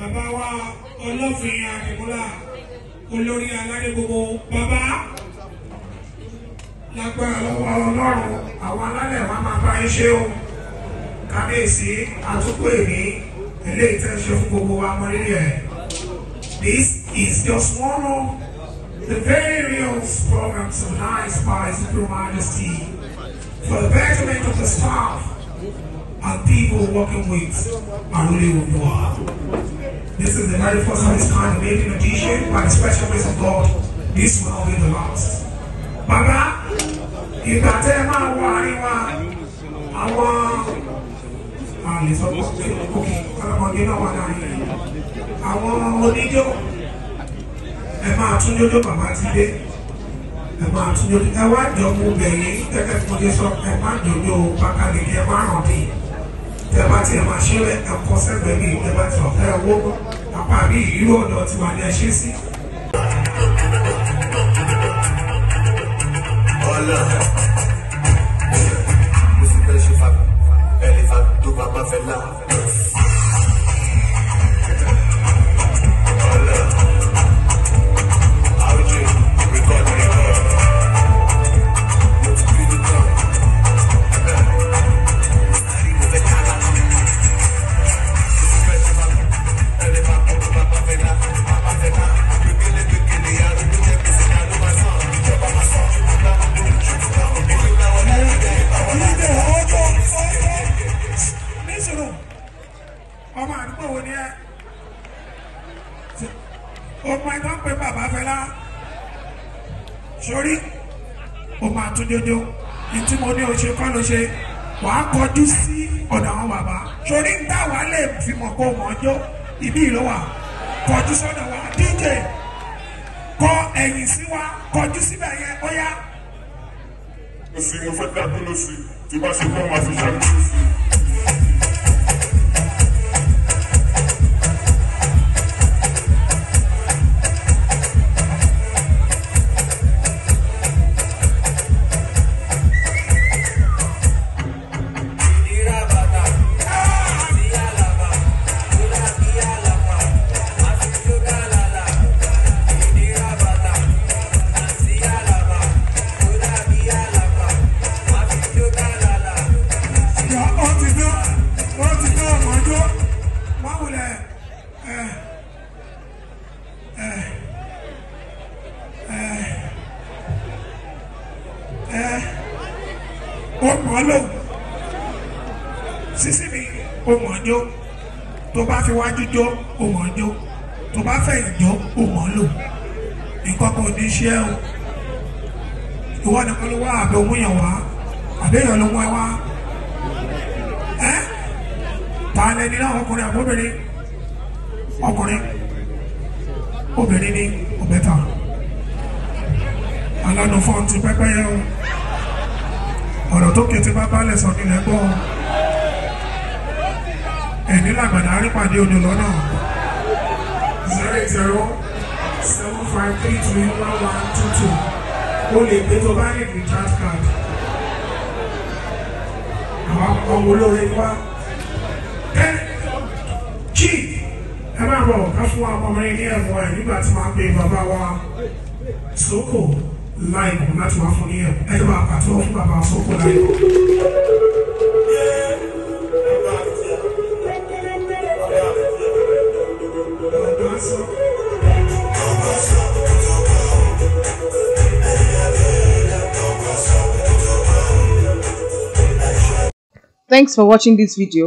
bàbá wa ọlọ́fin àdìmúlà olórí aládé bàbá lágbára lọ́wọ́ ọlọ́run àwọn alálẹ̀ wa máa bá yín ṣe o kábíyèsí àtúkò èmi ilé ìtẹ́sẹ̀ gbogbo wa mọ nílé This is just one of the very real programs organized by His Imperial Majesty for the betterment of the staff and people working with Arule Oduwa. This is the very first of its kind made in a G-shape by the special grace of God. This will not be the last. Bàbá, ìgbà tẹ́ ẹ máa wọ àárín wa, àwọn àlèsọ́pọ̀ ah, tí ó kókè ọlọ́mọdé náà wà láàrin rẹ̀. Àwọn oníjó, ẹ máa tún jójó bàbá ti dé. Ẹ máa tún jójó, ẹ wá mú bẹ̀yìn, gẹ́gẹ́ bí mo sọ, ẹ má jòjó bákàlẹ̀ kí ẹ tẹ bá tiẹ̀ máa ṣe rẹ̀ ẹ̀kọ́ sẹ́gbẹ̀ẹ́ mi tẹ bá ọ̀fẹ́ owó pàpà rí ìlú ọ̀dọ̀ tiwa ní ẹ sí. ọlọ́run. ọmọ ẹgbẹ́ pé bàbá Fẹlá sórí o máa tún dédé ìtí mo ní o ṣe kọ́ ló ṣe wàá kọjú sí ọ̀dọ̀ àwọn bàbá sórí ń táwa lè fi mọ̀ kó mọ̀ ọjọ́ ìbí ìlú wa kọjú sọ́dọ̀ wa DJ kọ ẹ̀yìn sí wa kọjú síbẹ̀ yẹn ó yá. mo sì mo fẹ́ dákúrò sí tí bá ṣe kọ́ máa fi ṣàkóso sí i. ọmọdó wọ́n ti tó ọmọdó wọ́n wulẹ̀ ẹ̀ ẹ̀ ẹ̀ ẹ̀ ọmọlò sísí mi ọmọdó tó bá fi wájú jó ọmọdó tó bá fẹ̀yìn jó ọmọlò nǹkan kan ní iṣẹ́ o ìwọ nìkan ló wá àbẹ̀wò yẹn wá àbẹ̀yẹ̀ ló wá wá. ta lẹni náà ọkùnrin àbóbìnrin ọkùnrin ni obeta alánú ti pẹ́pẹ́ yẹ o ti tó kété bá balẹ̀ sọ nílẹ̀ gbọ́ o le pe to bá ní recharge card àwọn ọmọ olóore ẹ bá bọ̀ ká fún wa ọmọ yẹn ní ẹ̀bùn ẹ̀ nígbà tí màá bàbá wa sóko to láti wá fún ní ẹ̀bùn ẹ̀ bá pàtó fún bàbá sóko láìpọ̀. Thanks for watching this video.